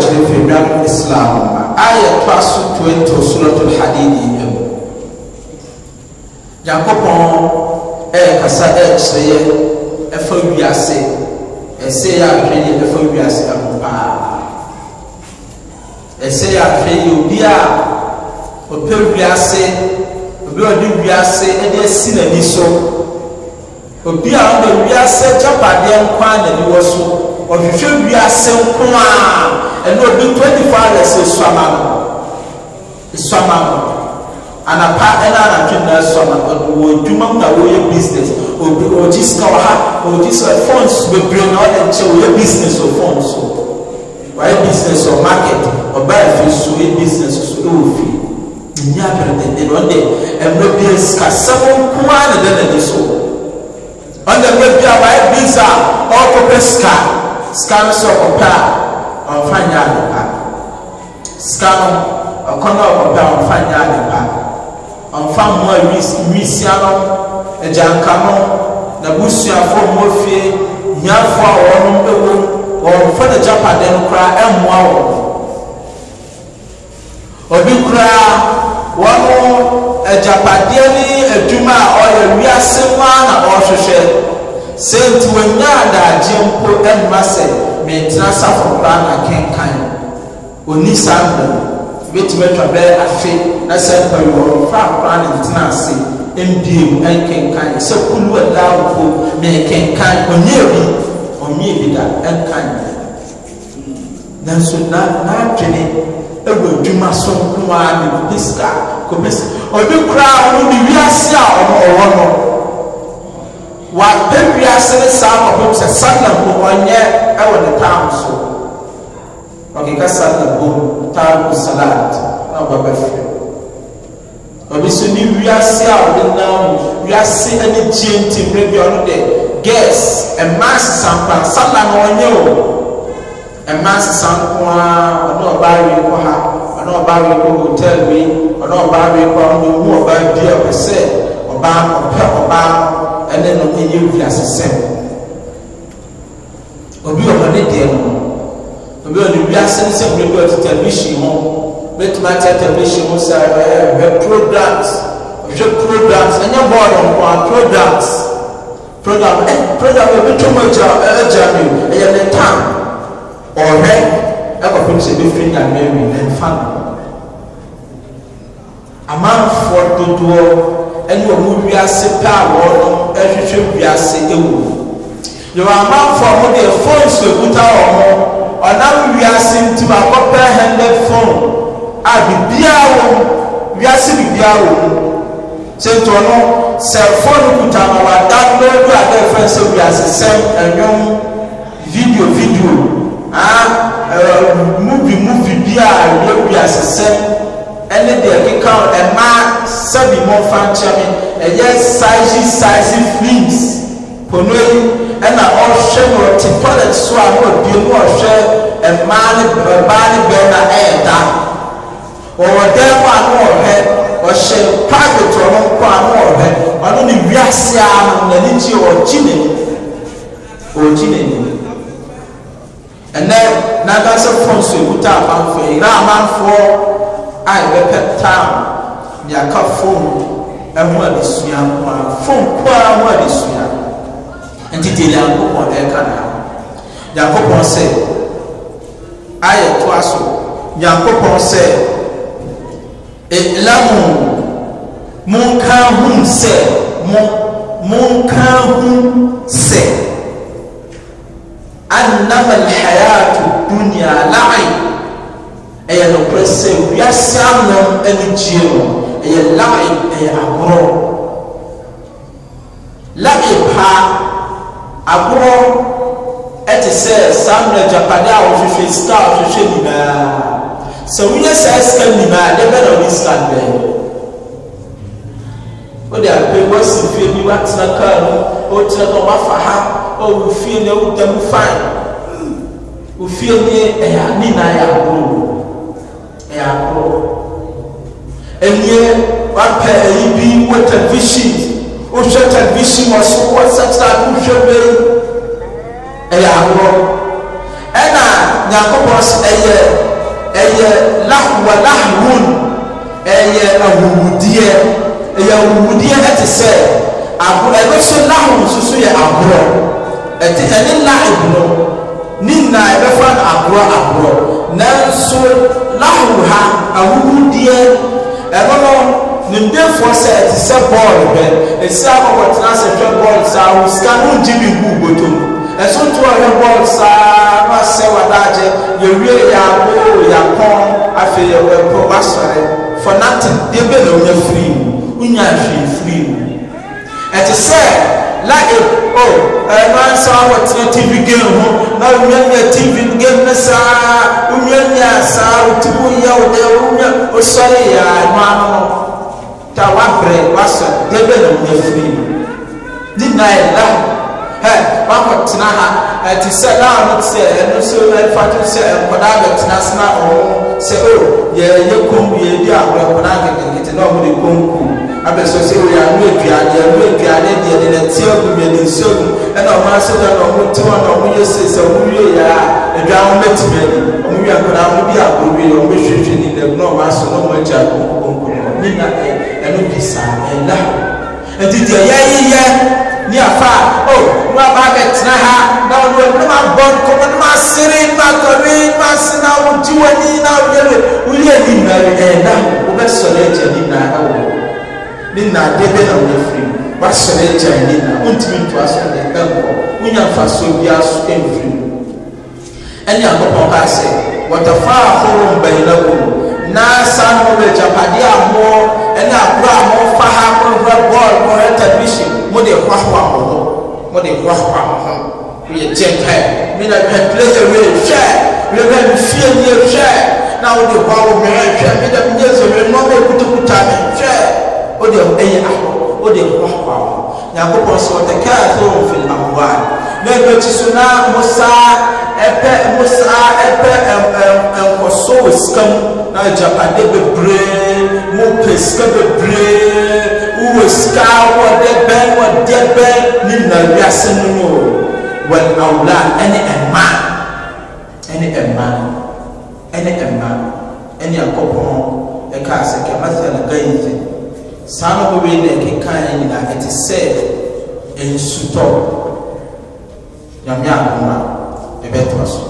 kyerɛ fimdam islam a yɛtoa so 20 suratul hadidi mu nyankopɔn ɛyɛ kasa ɛyɛkyerɛ yɛ ɛfa wiase ɛsɛ yɛ ahwɛ yɛ ɛfa wiase ɛho paa ɛsɛ yɛ ahwɛ yɛ obi a ɔpɛ wiase obi a ɔde wiase ɛde asi n'ani so obi a ɔda wiase gyapadeɛ nkwa n'ani wɔ so ɔhwehwɛ wiase nko a ɛna obi twenty four hours esu ama no esu ama no anapa ɛna anatwi na esu ama no wɔ adwuma mu na wɔyɛ business obi ɔgye sika wɔ ha ɔgye sika phones bebree na ɔyɛ nkyɛn wɔyɛ business wɔ funds. so wɔyɛ business wɔ market ɔbaa efi so wɔyɛ business so ɛwɔ fi nyɛ abɛrɛdɛdɛ na ɔde ɛmɛ bi sika sɛmo nkoa na ɛdɛ na ɛdi so ɔde ɛmɛ bi a wɔayɛ business a ɔrekɔpɛ sika sikano sɛ ɔkɔpɛ a ɔnfa nyɛ ade pa sikano ɔkɔ no ɔkɔpɛ a ɔnfa nyɛ ade pa ɔnfa mmoa nwisia no agyanka no n'abusuafo mmoa fie hiafo a wɔn wɔ wɔnfa ne gyapade no koraa ɛmmoa wɔn obi koraa wɔn agyapadeɛ ne adwuma a ɔyɛ wiase mu a na ɔrehwehwɛ sɛ nti wɔnyɛ adagye ɛmma sɛ metena safo koraa na kenkan ɔni saa mbɛm bɛtumi atwa bɛyɛ afe na sɛ mpayɔ fra koraa ne ntena ase mbiem ɛnkenkan sɛ kulu ɛdaawofo mekenkan ɔnyɛ bi ɔnyɛ bi da ɛnkan nanso na n'adwene ɛwɔ adwuma so nko ara ne kɔpɛ sika kɔpɛ sika ɔbi koraa ɔno ne wiase a ɔno ɔwɔ no wapɛ wiase ne saa sɛ sanam no ɔnyɛ ɛwɔ ne taam so ɔkeka sanam bom taam salat na ɔbɛbɛfrɛ obi so ne wiase a ɔde nam wiase ani gye nti mmerɛ bi ɔno de gas mmaa sesampa sanam ɔnyɛ o mmaa sesampa ɔne ɔbaa wie kɔ ha ɔne ɔbaa wie kɔ hotel bi ɔne ɔbaa wie kɔ ɔno hu ɔbaa bi a ɔpɛ sɛ ɔbaa ɔpɛ ɔbaa ɛne no ɛyɛ wiase sɛm ne deɛ no obi wɔ ne wiase ne sɛ obi wɔ te television ho betuma te television ho sɛ ɛhwɛ programs ɛhwɛ programs ɛnyɛ bɔɔl nko a programs program ɛ program ebi tó mo gya ɛgya mi ɛyɛ ne tan ɔhwɛ ɛkɔ fɛn sɛ ebi firi nyame wi ne nfa no amanfoɔ dodoɔ ɛne wɔn wiase pɛ a wɔn ɛhwehwɛ wiase ewu yɛwɔ amanfoɔ mo deɛ phones ekuta wɔn ho ɔnam wiase nti mu akɔpɛ handed phone a bibiara wɔ mu wiase bibiara wɔ mu sɛ ntɔ no sɛ phone kuta no wa download a bɛɛ fɛn sɛ wiase sɛm ɛnwom video video ah, ɛɛ movie movie bi a ɛyɛ wiase sɛm ɛne deɛ keka ɛmaa sɛbi mo fa nkyɛn mi ɛyɛ saizi saizi films pono yi toilet so a na ɔbie mu ɔhwɛ mmaa ne mmaa ne bɛn ɛɛda ɔwɔ dan mu a na ɔhwɛ ɔhyɛ private ɔno nko a na ɔhwɛ ɔno ne wiase a n'ani gye ɔgye n'ani ɔgye n'ani ɛnɛ n'aka fɔm so ekuta amanfoɔ yi na amanfoɔ a ɛbɛpɛ taam ne aka fɔm ɛho adesua fɔm ko a ho adesua nti deɛ yankopɔn ɛka na nyankopɔn sɛ ayɛ toa so nyankopɔn sɛ ilamu monka ho sɛ mo monka ho sɛ annama alhayatu dunya lai ɛyɛ nokorɛ sɛ wiase anom anigyeɛ mu ɛyɛ lai ɛyɛ agorɔ lai paa agorɔ sɛ saa mmerɛ agyapade a wɔhwehwɛ sika a wɔhwehwɛ nyinaa sɛ wonyɛ saa sika nyinaa deɛ bɛ na wɔde sika no bɛyɛ wode apɛ wasi fie bi woatena kaa mu wokyerɛ dɛ woafa ha ɔwo fie ne wotam fan wo fie ne ɛyɛ ne nyinaa yɛ agorɔ ɛyɛ agorɔ ɛneɛ woapɛ ayi bi wɔ television wohwɛ television wɔ so wɔsɛkyerɛ a wohwɛ bɛyi ɛyɛ ahorɔ ɛna nyankopɔn ɛyɛ ɛyɛ lahwa lahwun ɛyɛ ahuhudeɛ ɛyɛ ahuhudeɛ ɛte sɛ ahorɔ ɛno so lahwun soso yɛ ahorɔ ɛte ɛne lahwun no ne nyinaa ɛbɛfa no ahorɔ ahorɔ nanso lahwun ha ahuhudeɛ ɛno no nimdefoɔ sɛ ɛte sɛ bɔɔl bɛ esi a wɔtena sɛ hwɛ bɔɔl saa ho sika no ngye bi gu bɔtɔ mu ɛsontoɔ ne bɔɔl saa na asɛ wadaagye yɛwie yɛabo yɛakɔn afei yɛwɔ ɛpɔ wasɔre for nothing deɛ bɛ na wonya firi mu wonya hwee firi mu ɛte sɛ lae o ɛno ansa wɔtena tv game ho na wonya nya tv game ne saa wonya nya saa wotumi woyɛ wo dɛ wonya wosɔre yɛ ano ano ta wabrɛ wasɔre deɛ bɛ na wonya firi mu ne na ɛla ɛ wakɔ tena ha ɛti eh, sɛ daa no sɛ ɛno nso ɛfa to sɛ nkɔdaa bɛtena se eh, eh, na ɔmo sɛ o yɛyɛ kom yɛdi agorɔ nkɔdaa kekenkete na ɔmo de kom kum abɛsɛ sɛ oyɛ ano aduane ano aduane deɛ de na ti agu mɛ ne nsuo mu ɛna ɔmo ase na na ɔmo te hɔ na ɔmo yɛ se sɛ ɔmo wie yɛ a aduane ho bɛtumi ani ɔmo wie nkɔdaa ɔmo bi agorɔ wie ɔmo hwehwɛ ni nam na ɔmo aso na ɔmo agya agorɔ nkonko na ɔmo nyina ɛno bi saa ɛnda ɛnti deɛ yɛyeyɛ ne afa ɔmo aba abɛtena ha na ɔno ɛmu ma bɔ nkɔmɔ no ma sere ma tɔbe ma se na wogyi w'ani na woyɛ no woyɛ ni na ɛna wobɛsɔre agya ni na ɛwɔ ne nnaade bɛ na wɔafiri mu wasɔre agya ni na wontumi ntoa so ne ɛnkɔ wonya mfasoɔ biara so ɛmfiri e mu ɛne akɔpɔ kaa sɛ wɔtafa ahoro mbayina wɔ mu na saa no wɔ agyapadeɛ a moɔ ɛne agorɔ a mofa ha korɔkorɔ bɔɔl korɔ television mo de ɛhoahoa wɔ hɔ mo de wa pa mo ho mi yɛ gye pɛ mi na pɛ plɛsɛ mi na mi de wa o mi yɛ hwɛ mi na mi yɛ sɔ mi nɔ mi kutakuta mi de ɛyɛ ahɔ o de wa pa mo nyakopɔ sɛ ɔde kaa sɛ o fi na mo wa na ɛdɔ ti so na mo saa ɛpɛ wɔ sika wɔ dɛbɛ wɔ dɛbɛ ne na wiase mu no wɔn awura ɛne ɛmaa ɛne ɛmaa ɛne ɛmaa ɛne akɔpɔn ɛka ase kɛmɛsɛn gɛyinze saa na wɔn wei na ɛkeka yɛ nyinaa ɛte sɛ nsutɔ nyamea ahoma ɛbɛtɔ so.